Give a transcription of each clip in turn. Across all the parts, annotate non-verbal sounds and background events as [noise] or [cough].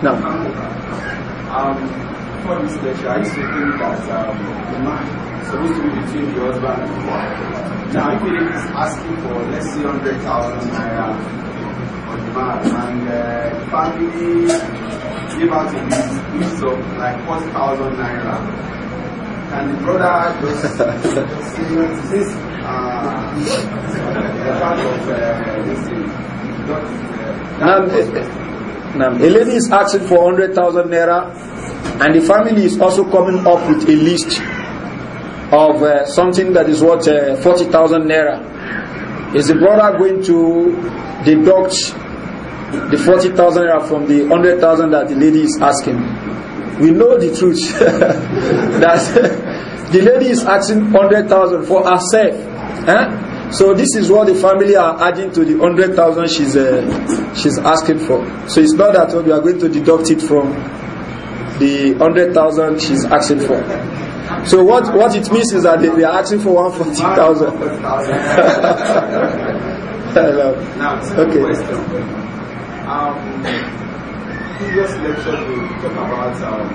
No. Um, before this lecture, I used to think that um, the man supposed to be between the husband and the wife. Now, if it is asking for, let's say, 100,000 naira for the man, and uh, family gave out a list of like 4,000 naira, can the brother just say, this uh, the part of uh, this thing? Not, uh, um, the a lady is asking for 100,000 naira, and the family is also coming up with a list of uh, something that is worth uh, 40,000 naira. Is the brother going to deduct the 40,000 naira from the 100,000 that the lady is asking? We know the truth [laughs] that [laughs] the lady is asking 100,000 for herself. Eh? So this is what the family are adding to the 100,000 she's, uh, she's asking for. So it's not that oh, we are going to deduct it from the 100,000 she's asking for. So what, what it means is that they, they are asking for 140,000. [laughs] now, okay. Um, question. previous lecture we talked about um,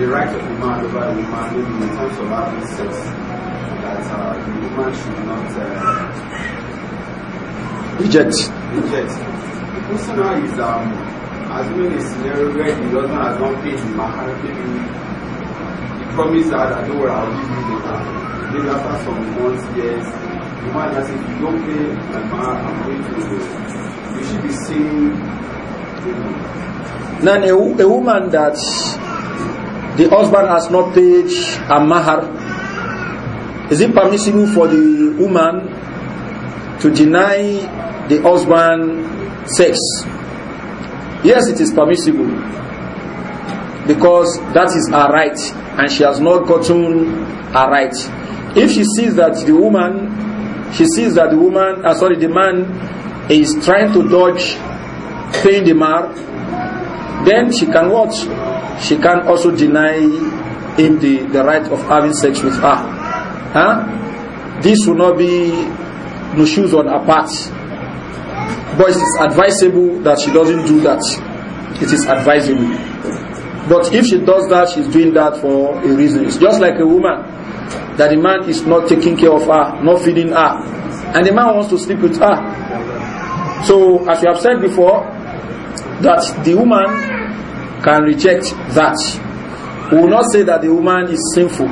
the right of a man over a woman in terms of having sex that uh, the should not uh, reject. Reject. The question now is um, assuming a scenario where the husband has not paid the mahar, maybe he promised her that, don't worry, I'll give you the car. Maybe after some months, years, the man has said, if you don't pay the mahar, I'm going to, you should be seeing. You know. Then a, a woman that the husband has not paid a mahar is it permissible for the woman to deny the husband sex? Yes, it is permissible because that is her right and she has not gotten her right. If she sees that the woman, she sees that the woman, uh, sorry, the man is trying to dodge paying the mark, then she can watch. She can also deny him the, the right of having sex with her huh? this will not be no shoes on her part. But it is advisable that she doesn't do that. It is advisable. But if she does that, she's doing that for a reason. It's just like a woman that the man is not taking care of her, not feeding her, and the man wants to sleep with her. So, as we have said before, that the woman can reject that. We will not say that the woman is sinful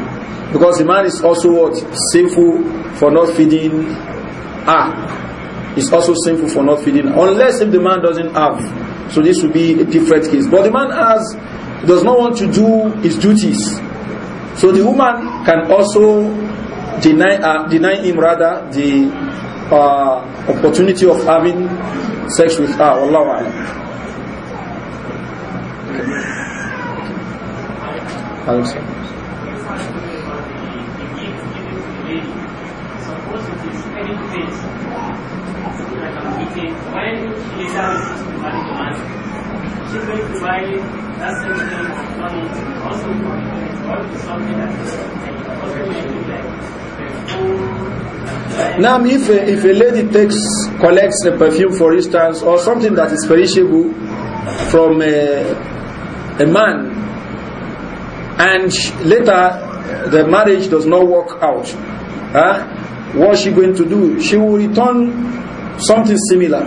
because the man is also what? Sinful for not feeding her. Is also sinful for not feeding Unless if the man doesn't have. So this would be a different case. But the man has, does not want to do his duties. So the woman can also deny, uh, deny him rather the uh, opportunity of having sex with her. Wallahu I'm sorry. when Lisa is she's going to that same thing also something that is also like now, if a, if a lady takes collects a perfume, for instance, or something that is perishable from a, a man, and later the marriage does not work out, huh? what is she going to do? She will return something similar.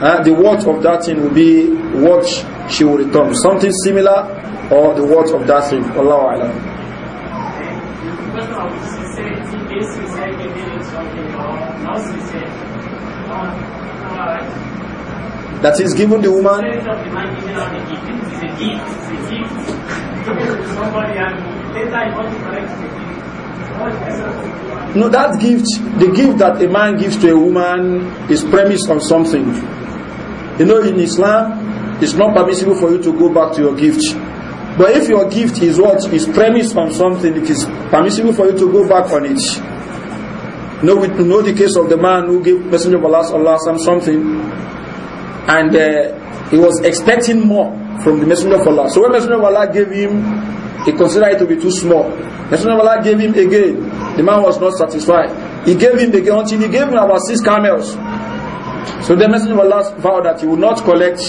Uh, the word of that thing will be what she will return. Something similar or the word of that thing. Allah Alam. That is given the woman. Somebody and No, that gift, the gift that a man gives to a woman is premised on something. You know, in Islam, it's not permissible for you to go back to your gift. But if your gift is what is premised on something, it is permissible for you to go back on it. You know, we know the case of the man who gave Messenger of Allah, Allah something, and uh, he was expecting more from the Messenger of Allah. So when Messenger of Allah gave him, he considered it to be too small. Messenger of Allah gave him again. The man was not satisfied. He gave him again until he gave him about six camels. So the Messenger of Allah vowed that he would not collect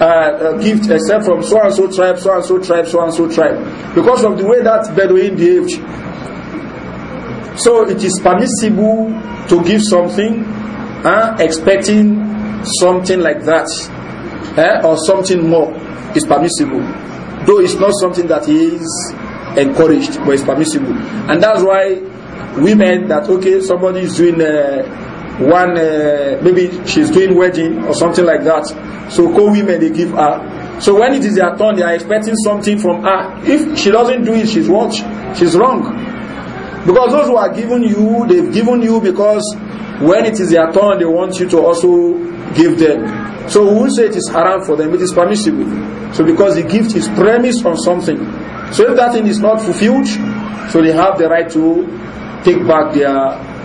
uh, a uh, gift except from so and so tribe, so and so tribe, so and so tribe. Because of the way that Bedouin behaved. So it is permissible to give something, uh, expecting something like that. eh, or something more is permissible. Though it's not something that is encouraged, but it's permissible. And that's why women that, okay, somebody is doing uh, one, uh, maybe she's doing wedding or something like that. So co-women, they give her. So when it is their turn, they are expecting something from her. If she doesn't do it, she's what? She's wrong. Because those who are giving you, they've given you because when it is their turn, they want you to also give them. So we will say it is haram for them, it is permissible. So because the gift is premised on something. So if that thing is not fulfilled, so they have the right to take back their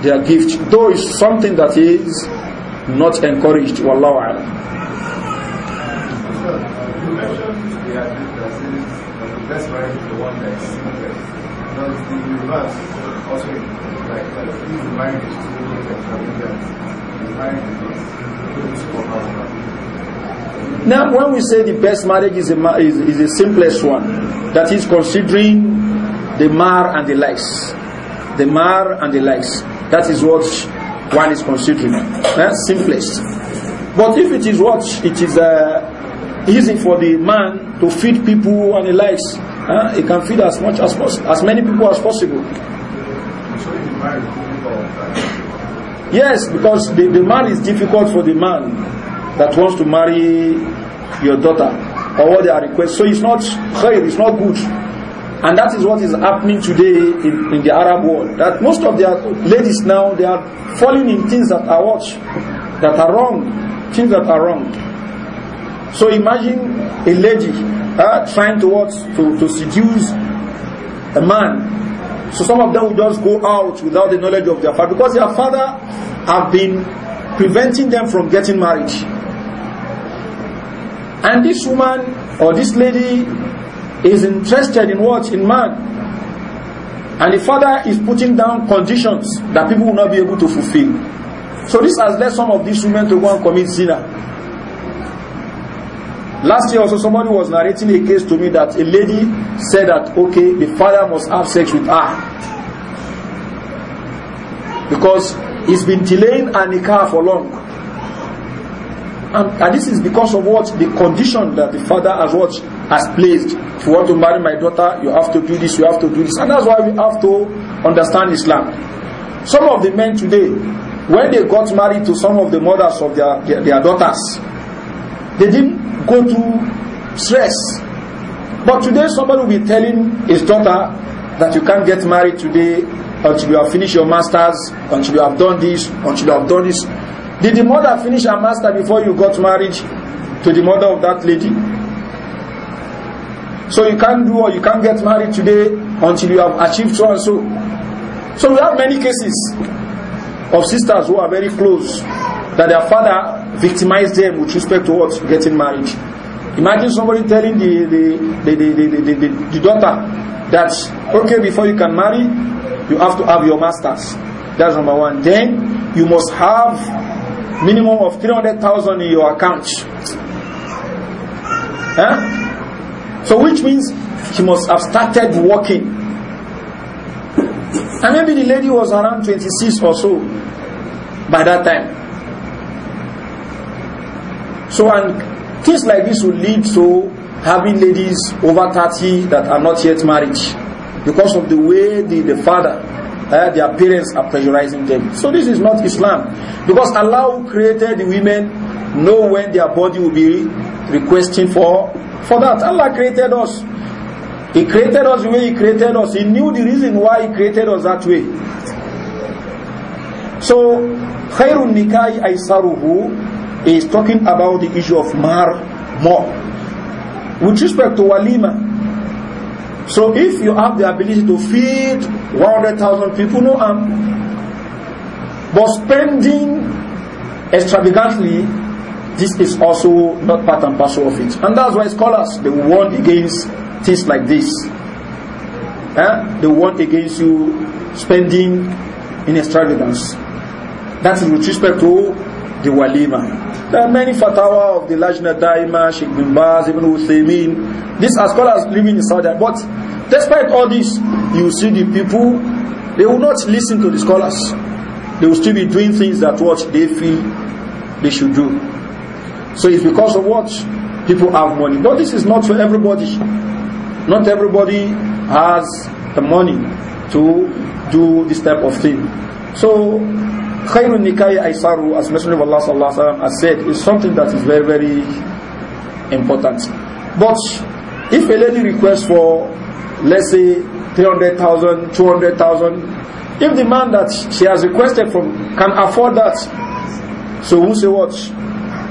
their gift, though it's something that is not encouraged. Wallahu alam the universe also like mind is mind is now, when we say the best marriage is, a, is, is the simplest one, that is considering the mar and the likes. The mar and the likes. That is what one is considering. That's eh? simplest. But if it is what it is uh, easy for the man to feed people and the likes, Huh? He can feed as much as as many people as possible. Yes, because the, the man is difficult for the man that wants to marry your daughter or what they are request. So it's not khair, it's not good. And that is what is happening today in, in the Arab world. That most of their ladies now they are falling in things that are what that are wrong. Things that are wrong. So imagine a lady uh, trying to what to, to seduce a man. So some of them will just go out without the knowledge of their father because their father have been preventing them from getting married. And this woman or this lady is interested in what? In man. And the father is putting down conditions that people will not be able to fulfill. So this has led some of these women to go and commit zina. Last year also somebody was narrating a case to me that a lady said that, okay, the father must have sex with her. Because he's been delaying her nikah for long. And, and, this is because of what? The condition that the father has what? Has placed. If you want to marry my daughter, you have to do this, you have to do this. And that's why we have to understand Islam. Some of the men today, when they got married to some of the mothers of their, their, their daughters, They didn't go through stress. But today somebody will be telling his daughter that you can't get married today until you have finished your masters, until you have done this, until you have done this. Did the mother finish her master before you got married to the mother of that lady? So you can't do or you can't get married today until you have achieved so and so. So we have many cases of sisters who are very close that their father victimize them with respect to what? Getting married. Imagine somebody telling the, the, the, the, the, the, daughter that, okay, before you can marry, you have to have your master's. That's number one. Then you must have minimum of 300,000 in your account. Huh? So which means she must have started working. And maybe the lady was around 26 or so by that time. So, and things like this will lead to having ladies over 30 that are not yet married because of the way the, the father, uh, their parents are pressurizing them. So this is not Islam. Because Allah who created the women know when their body will be requesting for, for that. Allah created us. He created us the way He created us. He knew the reason why He created us that way. So, خَيْرُ النِّكَاءِ أَيْسَرُهُ is talking about the issue of mar more with respect to walima so if you have the ability to feed 100,000 people no harm but spending extravagantly this is also not part and parcel of it and that's why scholars they warn against things like this eh? they warn against you spending in extravagance that is with respect to the walima. There are many fatwa of the Lajna Daima, Sheikh bin Baz, Ibn Uthaymeen. These are scholars living in Saudi But despite all this, you see the people, they will not listen to the scholars. They will still be doing things that what they feel they should do. So it's because of what people have money. But this is not for everybody. Not everybody has the money to do this type of thing. So Khairun Nikahi Aisaru, as Messenger of Allah sallallahu wa has said, is something that is very, very important. But if a lady requests for, let's say, 300,000, 200,000, if the man that she has requested from can afford that, so who say what?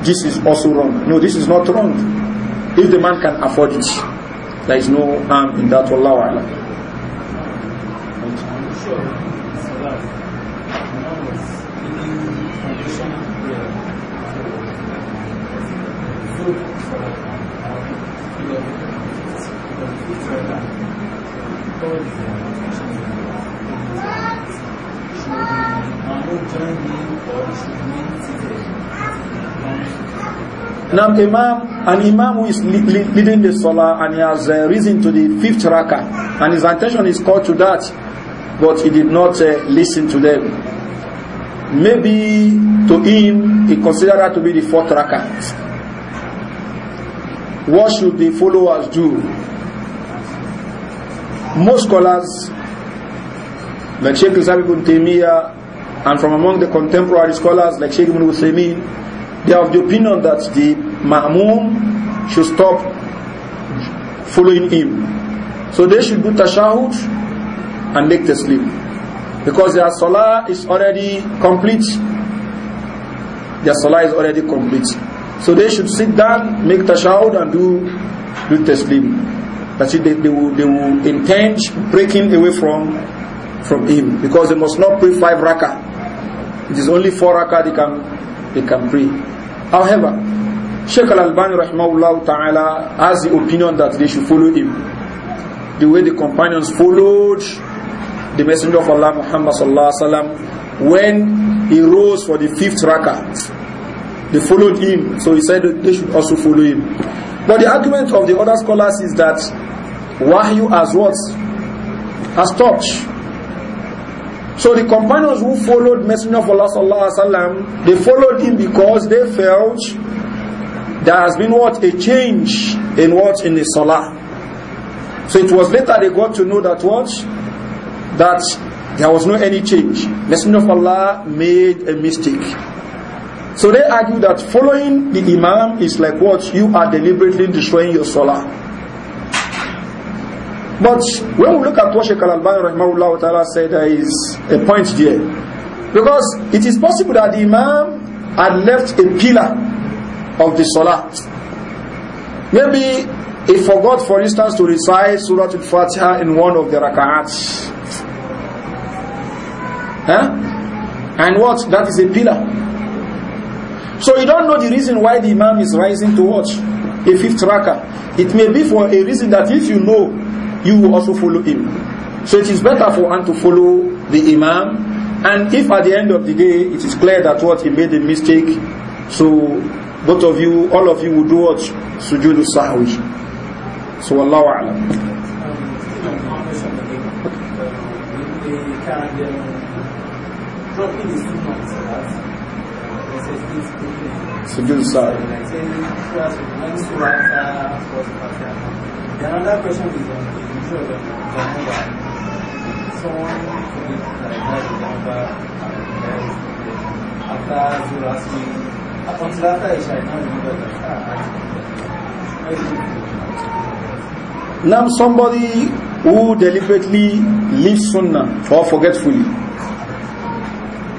This is also wrong. No, this is not wrong. If the man can afford it, there is no harm in that. Wallahu alam. Now, imam, an imam who is leading the salah and he has uh, risen to the fifth rakah, and his attention is called to that, but he did not uh, listen to them. Maybe to him, he considered that to be the fourth rakah. What should the followers do? Most scholars, like Sheikh Islam ibn Taymiyyah, and from among the contemporary scholars like Sheikh ibn Uthaymeen, they have the opinion that the Ma'mum should stop following him. So they should do tashahud and make the sleep. Because their salah is already complete. Their salah is already complete. So they should sit down, make tashahud and do, do taslim. That's they, they, will, they will intend breaking away from, from him because they must not pray five rakah. It is only four rakah they can, they can pray. However, Sheikh Al-Albani rahimahullah ta'ala has the opinion that they should follow him. The way the companions followed the Messenger of Allah Muhammad sallallahu alaihi wasallam when he rose for the fifth rakah they followed him, so he said they should also follow him. But the argument of the other scholars is that Wahyu as what? As touch. So the companions who followed Messenger of Allah sallallahu alaihi wasallam, they followed him because they felt there has been what a change in what in the salah. So it was later they got to know that what that there was no any change. Messenger of Allah made a mistake. So they argue that following the Imam is like what? You are deliberately destroying your Salah. But when we look at what Sheikh Al-Albani Rahimahullah Ta'ala said, there is a point there. Because it is possible that the Imam had left a pillar of the Salah. Maybe he forgot, for instance, to recite Surah Al-Fatiha in one of the rakaats. Huh? And what? That is a pillar. So you don't know the reason why the Imam is rising to watch a fifth raka. It may be for a reason that if you know, you will also follow him. So it is better for one to follow the Imam. And if at the end of the day, it is clear that what he made a mistake, so both of you, all of you would do what? Sujood sahwi. So Allah wa alam. Uh, Dropping the signal Sujood Sahwi. The another question is on the issue of the number. Someone could like that the number after Zura asking, after Isha, I can't remember the star. Now somebody who deliberately leaves Sunnah or forgetfully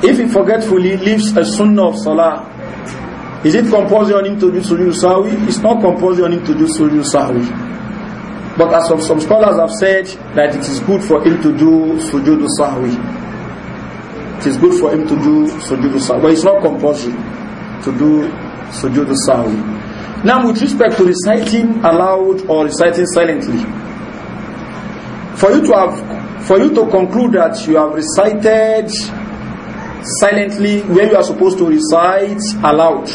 If he forgetfully leaves a sunnah of salah, is it compulsory on him to do sujood sawi? It's not compulsory on him to do sujood sawi. But as of some scholars have said, that it is good for him to do sujood sawi. It is good for him to do sujood sawi. But it's not compulsory to do sujood sawi. Now with respect to reciting aloud or reciting silently, for you to have for you to conclude that you have recited silently where you are supposed to recite aloud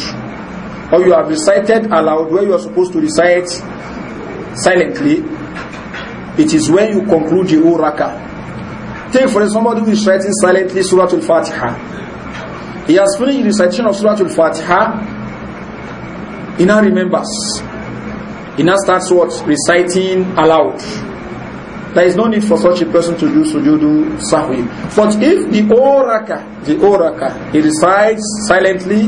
or you have recited aloud where you are supposed to recite silently it is when you conclude the whole rakah take for example somebody who is reciting silently surah al-fatiha he has finished recitation of surah al-fatiha he now remembers he now starts what reciting aloud There is no need for such a person to do sujudu sahwi. But if the oraka, the oraka, he recites silently,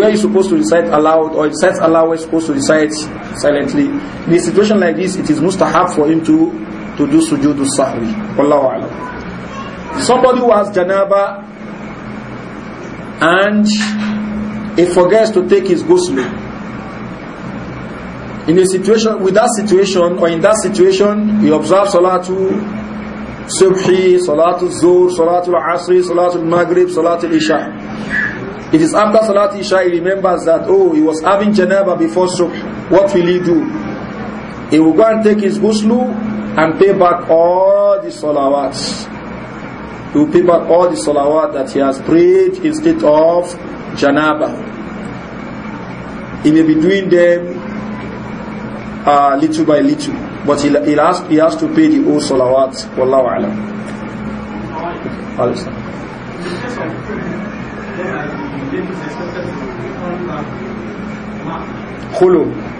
where is supposed to recite aloud, or recites aloud where supposed to recite silently. In a situation like this, it is mustahab for him to, to do sujudu sahwi. Somebody who has janaba and he forgets to take his ghusl, in a situation, with that situation, or in that situation, he observes Salatu Subhi, Salatul Zuhr, Salatul Asri, Salatul Maghrib, Salatul Isha. It is after salatu Isha he remembers that, oh, he was having Janaba before Subh. What will he do? He will go and take his ghusl and pay back all the salawats. He will pay back all the salawat that he has prayed instead of Janaba. He may be doing them uh, little by little. But he, he, has, he has to pay the whole salawat. Wallahu alam. Khulu.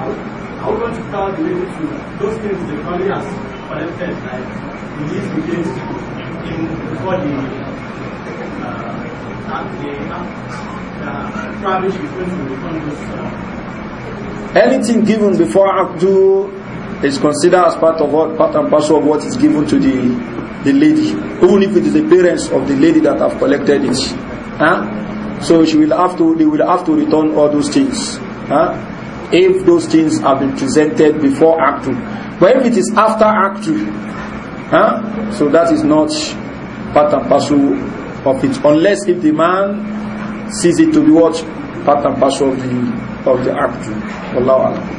How do you start related to those things the family collected, like in before the uh, the uh, uh, probably should go to anything given before two is considered as part of what, part and parcel of what is given to the, the lady, even if it is the parents of the lady that have collected it. Huh? So she will have to, they will have to return all those things. Huh? If those things have been presented before two. But if it is after act huh? so that is not part and parcel of it, unless if the man sees it to be what? Part and parcel of the of the act. Wallahu alam. I want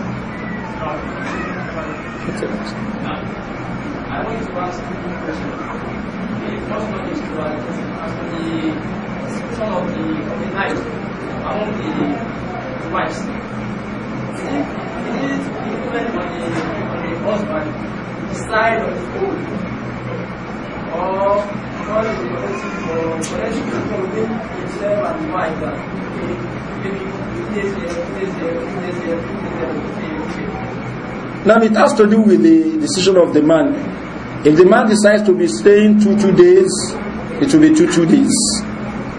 to ask you question. The first one is to ask the son of the, of the knight among the wives. Is it, is it on the, on the husband, the side of the food, or, or now it has to do with the decision of the man. If the man decides to be staying two two days, it will be two two days.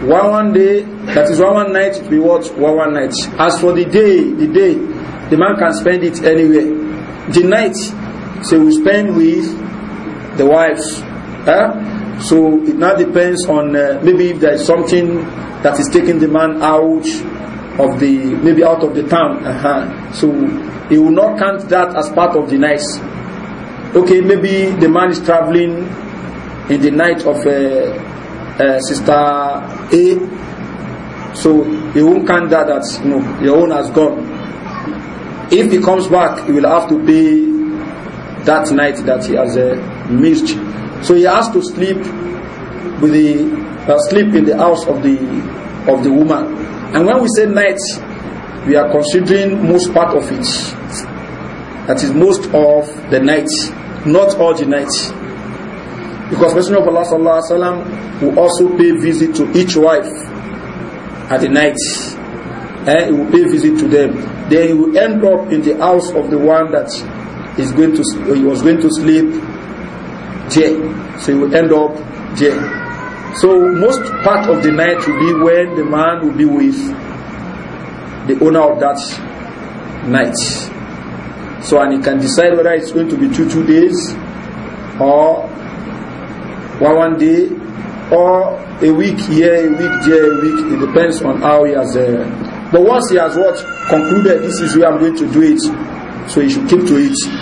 One one day, that is one one night, it will be what one one night. As for the day, the day, the man can spend it anywhere. The night, so we spend with the wives. Huh? So it now depends on uh, maybe if there is something that is taking the man out of the maybe out of the town. Uh -huh. So he will not count that as part of the night. Okay, maybe the man is traveling in the night of uh, uh, sister A. So he won't count that as you know your own has gone. If he comes back, he will have to pay that night that he has uh, missed so he has to sleep with the uh, sleep in the house of the of the woman. And when we say night, we are considering most part of it. That is most of the night, not all the night. Because Messenger of Allah sallallahu alaihi wasallam will also pay visit to each wife at the night. And eh, he will pay visit to them. Then he will end up in the house of the one that is going to he was going to sleep J, So you will end up J. So most part of the night will be when the man will be with the owner of that night. So and he can decide whether it's going to be two two days or one one day or a week here, a week there, a week. It depends on how he has. Uh, but once he has what concluded, this is where I'm going to do it. So he should keep to it.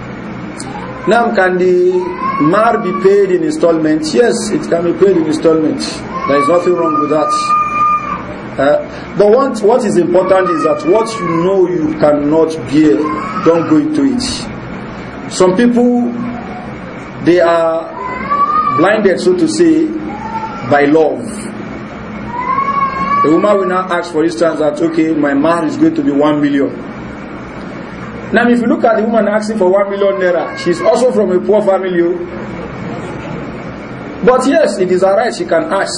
Now, can the mar be paid in installments? Yes, it can be paid in installments. There is nothing wrong with that. Uh, but what, what is important is that what you know you cannot bear, don't go into it. Some people, they are blinded, so to say, by love. A woman will now ask, for instance, that, okay, my mar is going to be one million. Now, if you look at the woman asking for one million naira, she's also from a poor family. Oh. But yes, it is her right, she can ask.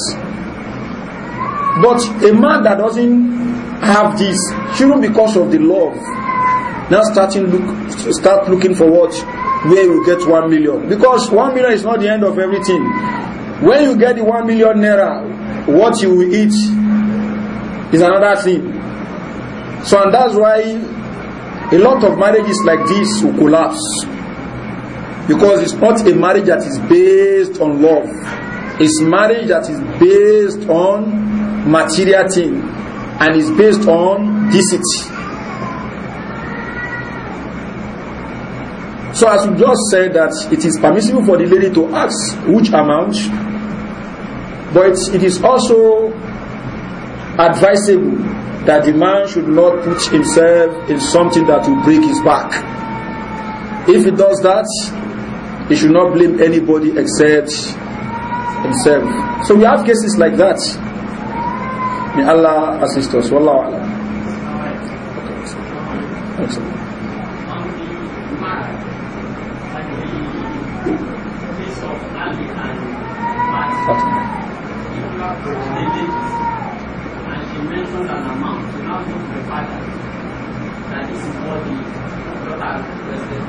But a man that doesn't have this shouldn't because of the love. Now starting look start looking for what where you get one million. Because one million is not the end of everything. When you get the one million naira, what you will eat is another thing. So and that's why A lot of marriages like this will collapse because it's not a marriage that is based on love. It's marriage that is based on material thing and is based on deceit. So as we just said that it is permissible for the lady to ask which amount, but it is also advisable that the man should not put himself in something that will break his back. If he does that, he should not blame anybody except himself. So we have cases like that. May Allah assist us. Wallahu alam. coming the father. That this is what the daughter requested.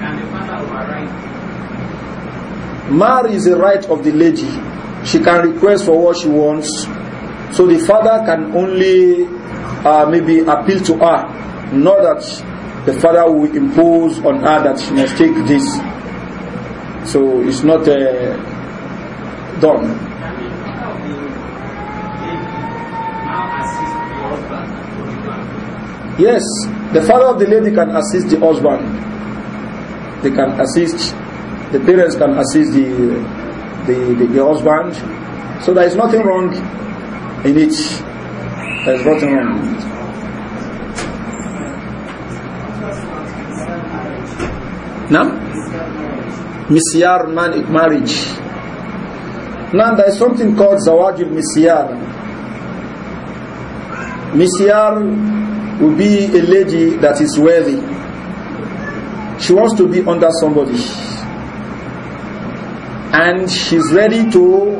Can the father override? Marriage is a right of the lady. She can request for what she wants. So the father can only uh, maybe appeal to her, not that the father will impose on her that she must take this. So it's not uh, done. Yes, the father of the lady can assist the husband. They can assist, the parents can assist the, the, the, the husband. So there is nothing wrong in it. There is nothing wrong in it. Now, misyar man marriage. Now there is something called zawajib misyar. Misyar will be a lady that is worthy. She wants to be under somebody. And she's ready to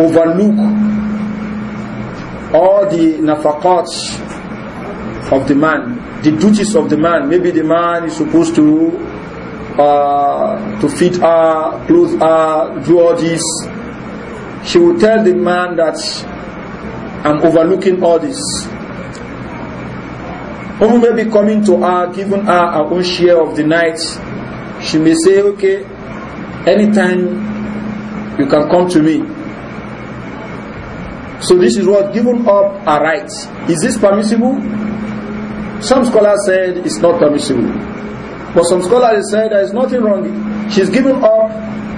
overlook all the nafakats of the man, the duties of the man. Maybe the man is supposed to uh, to feed her, clothe her, do all this. She will tell the man that I'm overlooking all this who may be coming to her, giving her her own share of the night, she may say, okay, anytime you can come to me. So this is what giving up a right. Is this permissible? Some scholars said it's not permissible. But some scholars said there is nothing wrong. She's giving up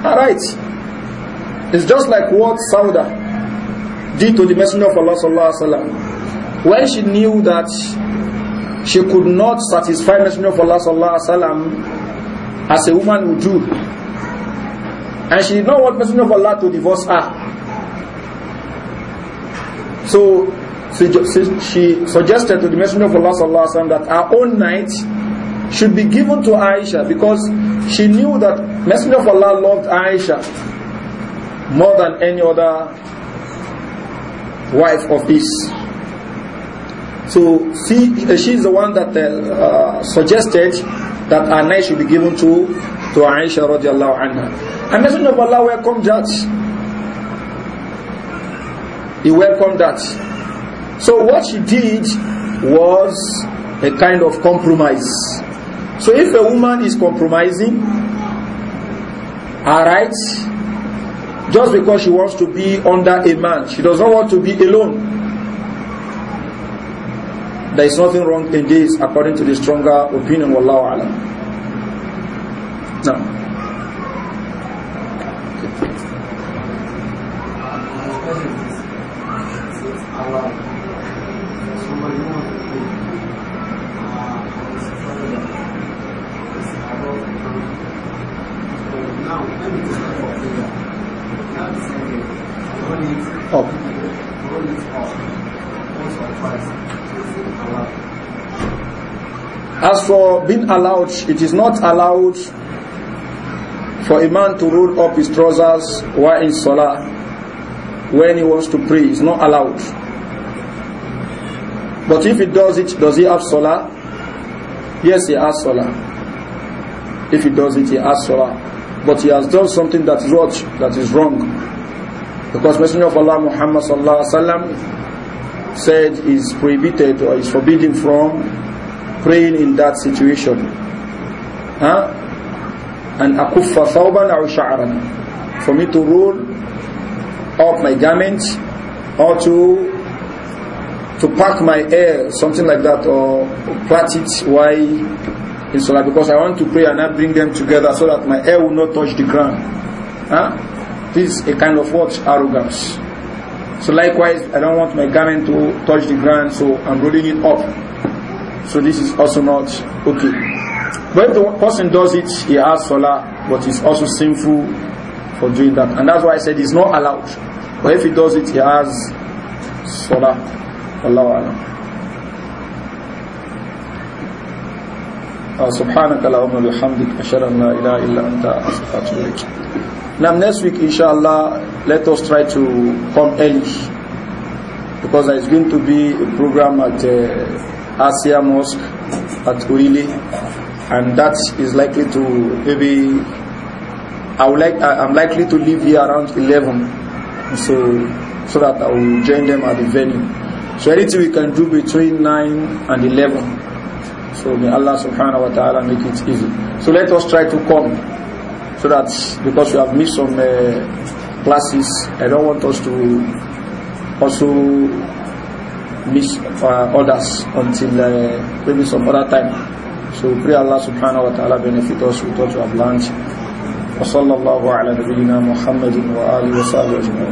her right. It's just like what Sauda did to the Messenger of Allah When she knew that she could not satisfy Messenger of Allah sallallahu alaihi wasallam as a woman would do, and she did not want Messenger of Allah to divorce her. So she suggested to the Messenger of Allah sallallahu alaihi wasallam that her own night should be given to Aisha because she knew that Messenger of Allah loved Aisha more than any other wife of his. So uh, she, she's the one that uh, uh suggested that a knife should be given to, to Aisha radiallahu anha. And Messenger of Allah welcomed that. He welcomed that. So what she did was a kind of compromise. So if a woman is compromising her rights just because she wants to be under a man, she does not want to be alone. There is nothing wrong in this according to the stronger opinion, of Alam. Now. Uh, for being allowed, it is not allowed for a man to roll up his trousers while in salah when he wants to pray. It's not allowed. But if he does it, does he have salah? Yes, he has salah. If he does it, he has salah. But he has done something that is what? That is wrong. Because Messenger of Allah Muhammad said is prohibited or is forbidden from praying in that situation. Huh? And akuffa thawban aw sha'ran. For me to roll up my garment or to to pack my hair, something like that, or plait it why in Salah because I want to pray and I bring them together so that my hair will not touch the ground. Huh? This is a kind of what? Arrogance. So likewise, I don't want my garment to touch the ground, so I'm rolling it up so this is also not okay. But the person does it, he has salah, but it's also sinful for doing that. And that's why I said it's not allowed. But if he does it, he has salah. Allahu Alam. سبحانك اللهم وبحمدك اشهد ان لا اله الا انت استغفرك now next week inshallah let us try to come early because there is going to be a program at uh, Asia Mosque at Uili, and that is likely to maybe I would like I, am likely to leave here around 11, so so that I will join them at the venue. So anything we can do between 9 and 11. So may Allah subhanahu wa ta'ala make it easy. So let us try to come. So that because we have missed some uh, classes, I don't want us to also miss for others until uh, maybe some other time. So pray Allah subhanahu wa ta'ala benefit us with what we have learned. وصلى الله على نبينا محمد وآله وصحبه أجمعين